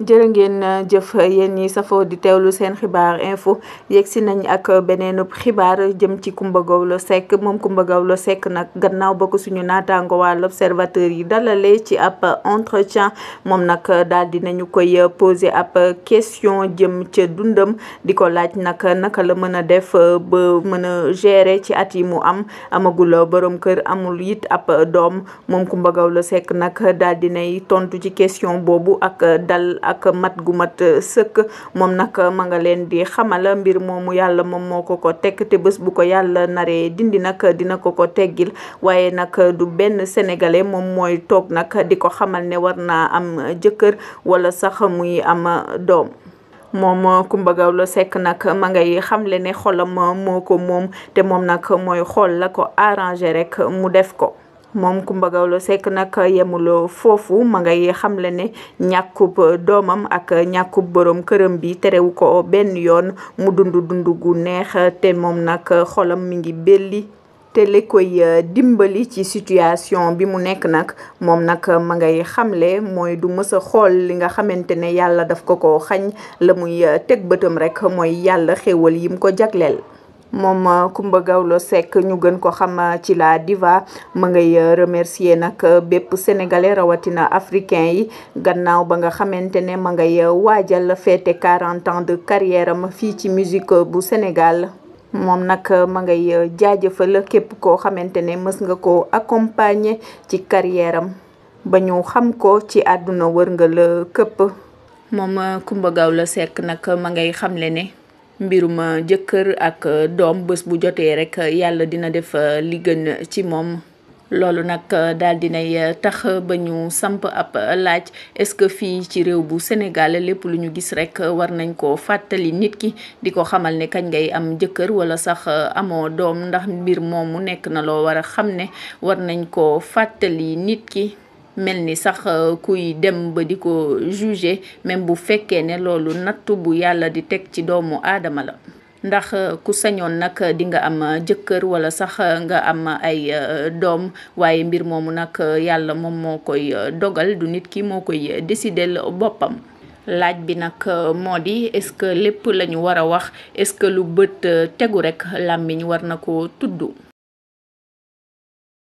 jërë ngeen euh, jëf yéen ñi safoo di teewlu seen xibaar info yegsi nañ ak beneen xibaar jëm ci Coumba Gawlo la sekk Coumba Gawlo nag gannaaw ba ko suñu naataango waa l'observateur yi dalalee ci ab entretien moom nag daal di nañu koy posé ab question jëm ca dundam di ko laaj nag naka la mën a def euh, ba mën a gérer ci at yi mu am amagul borom kër amul it ab doom moom Coumba Gawlo Seck nag daal di nay tontu ci question boobu ak dal. ak mat gu mat euh, sëkk moom nag euh, ma nga leen di xamal mbir moomu yàlla moom moo ko ko teg te bés bu ko yàlla naree dindi nag dina ko ko teggil waaye nag euh, du benn sénégale moom mooy toog nag di ko xamal ne war naa am jëkkër wala sax muy am doom moom Coumba Gawlo Seck nag ma ngay xamle ne xolam moo ko moom te moom nag mooy xool la ko arrangé rek mu def ko moom Coumba Gawlo sekk nag yemuloo foofu ma ngay xamle ne ñàkkub doomam ak ñàkkub borom këram bi terewu ko benn yoon mu dund dund gu neex te moom nag xolam mu ngi belli te li koy e, dimbali ci situation bi mu nekk nag moom nag ma ngay xamle mooy du mës a xool li nga xamante ne yàlla daf ko ko xañ la muy teg bëtam rek mooy yàlla xéewal yim ko jagleel moom euh, Coumba Gawlo Seck ñu gën ko xam euh, ci la diva ma ngay euh, remercier nag bépp sénégalais rawatina africain yi gannaaw ba nga xamante ne ma ngay waajal fête 40 ans de carrière fii ci musique bu Sénégal moom nag ma ngay jaajëfal képp koo xamante ne mës nga ko accompagner ci carrière ba ñu xam ko ci àdduna wërngal këpp moom Coumba Gawlo Seck nag ma ngay xamle ne mbirum euh, jëkkër ak euh, doom bés bu jotee rek euh, yàlla dina def li gën ci moom loolu nag daal nay tax ba ñu samp ab laaj est-ce que fii ci réew bu Sénégal lépp lu ñu gis rek war nañ ko fàttali nit ki di ko xamal ne kañ ngay am jëkkër wala sax amoo doom ndax mbir mu nekk na loo war a xam ne war nañ ko fàttali nit ki mel ni sax euh, kuy dem ba di ko juger même bu fekkee ne loolu nattu bu yàlla di teg ci doomu aadama la ndax euh, ku sañoon nag di nga am euh, jëkkër wala sax nga am ay doom waaye mbir moomu nag yàlla moom moo koy dogal du nit ki moo koy décidel boppam laaj bi nag moo di est-ce que lépp lañu war a wax est-ce que lu bët tegu rekk làmmiñ war na ko tudd